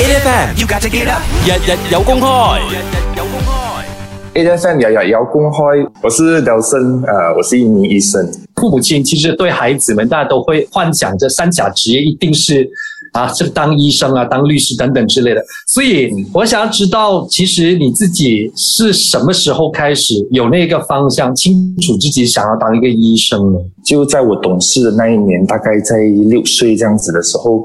A F M 要架 t 機啦，日日有公開，A l M 日日有公開。我是 Dalson，誒，我是一名醫生。父母親其實對孩子們，大家都會幻想着三甲職業一定是啊，是當醫生啊,當啊，當律師等等之類的。所以我想要知道，其實你自己是什麼時候開始有那個方向，清楚自己想要當一個醫生呢？就在我懂事的那一年，大概在六歲這樣子的時候。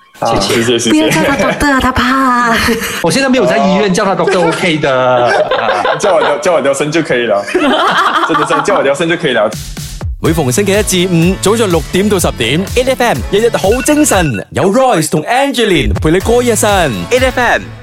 謝謝謝謝，不要叫他 Doctor 啊，他怕、啊。 我現在沒有在醫院叫、啊 叫，叫他 Doctor OK 的，叫我叫叫我 Dalson 就可以了，真的真，叫我 Dalson 就可以了。 每逢星期一至五，早上六點到十點，FM，日日好精神，有 Royce 同 Angeline 陪你過夜神，FM。